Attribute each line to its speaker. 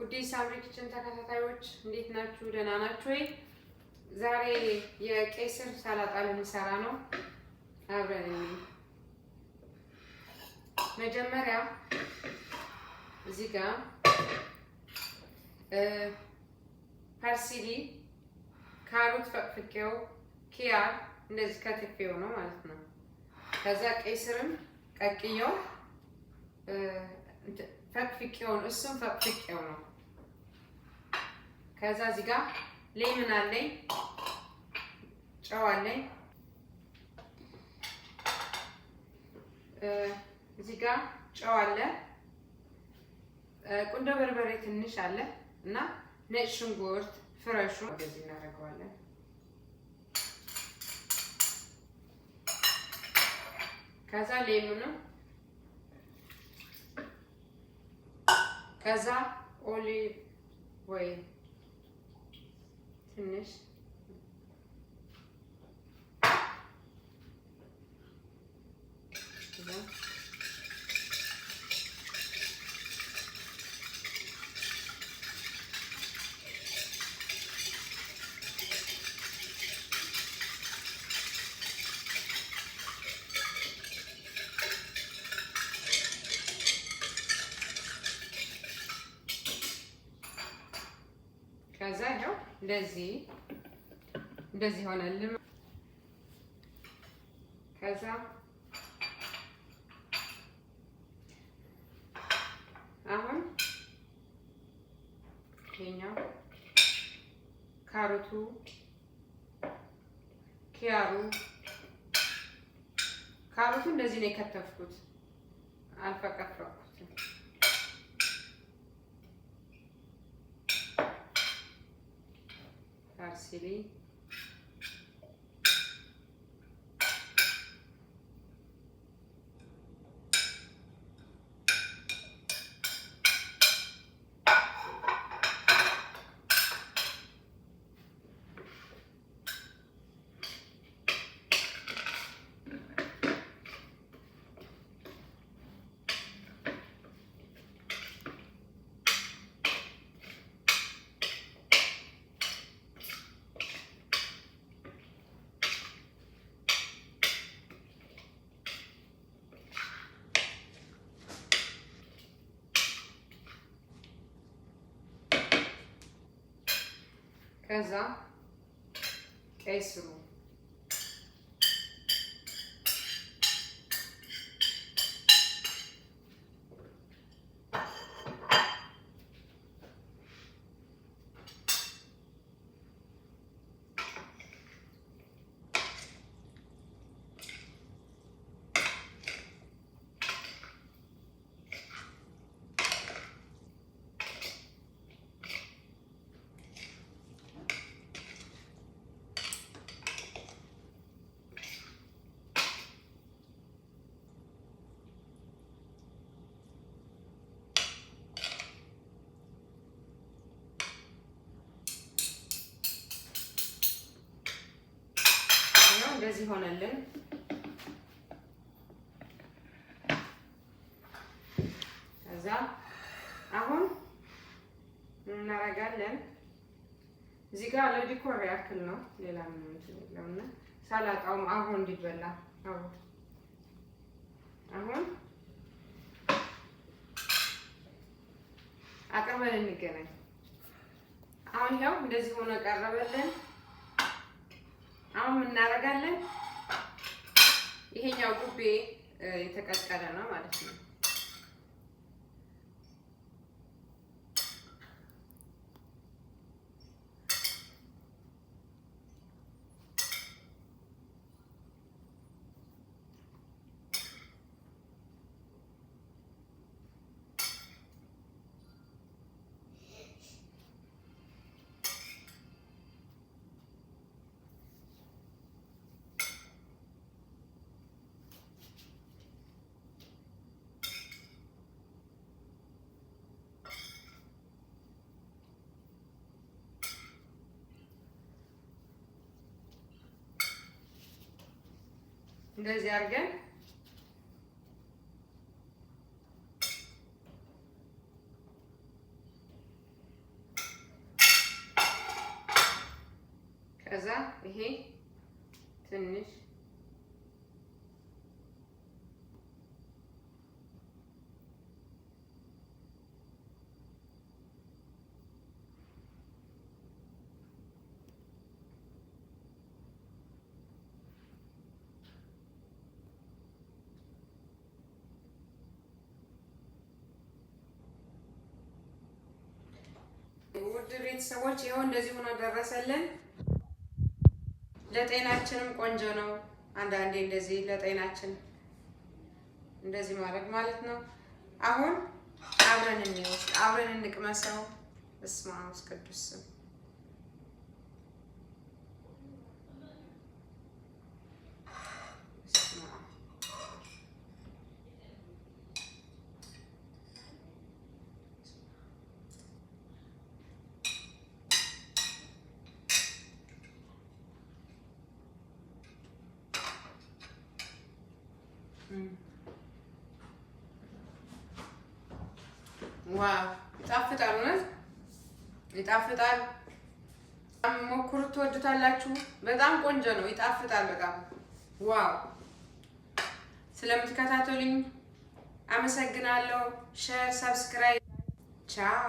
Speaker 1: ውዴ ሳምሪ ኪችን ተከታታዮች እንዴት ናችሁ? ደህና ናችሁ ወይ? ዛሬ የቀይ ስር ሰላጣ ልንሰራ ነው። አብረን መጀመሪያ እዚህ ጋር ፐርሲሊ፣ ካሮት ፈቅፍቄው፣ ኪያር እንደዚህ ከትፌው ነው ማለት ነው። ከዛ ቀይ ስርም ቀቅየው ፈቅፍቄው እሱም ፈቅፍቄው ነው ከዛ እዚህ ጋር ሌምን አለኝ፣ ጨው አለኝ። እዚህ ጋር ጨው አለ፣ ቁንዶ በርበሬ ትንሽ አለ እና ነጭ ሽንኩርት ፍረሹ እንደዚህ እናደርገዋለን። ከዛ ሌምኑ ከዛ ኦሊቭ ወይም Güneş እንደዚህ እንደዚህ ይሆናል። ከዛ አሁን ይሄኛው ካሮቱ ኪያሩ ካሮቱ እንደዚህ ነው የከተፍኩት አልፈቀፈቁ silly casar, é isso. እንደዚህ ሆነልን። ከዛ አሁን እናረጋለን እዚህ ጋር ለዲኮር ያክል ነው። ሌላ ምንም የለውና አብሮ እንዲበላ አብሮ አሁን አቅርበን እንገናኝ። አሁን ያው እንደዚህ ሆነ ቀረበልን። አሁን የምናረጋ ሶስት የተቀቀለ ነው ማለት ነው። እንደዚህ አድርገን ከዛ ይሄ ትንሽ ውድ ቤተሰቦች ይኸው እንደዚህ ሆኖ ደረሰልን። ለጤናችንም ቆንጆ ነው። አንዳንዴ እንደዚህ ለጤናችን እንደዚህ ማድረግ ማለት ነው። አሁን አብረን እንወስድ፣ አብረን እንቅመሰው። በስመ አብ ወወልድ ቅዱስ ዋው ይጣፍጣል፣ እውነት ይጣፍጣል። ሞክሩት፣ ትወዱታላችሁ። በጣም ቆንጆ ነው፣ ይጣፍጣል በጣም ዋው። ስለምትከታተሉኝ አመሰግናለሁ። ሼር፣ ሰብስክራይብ፣ ቻው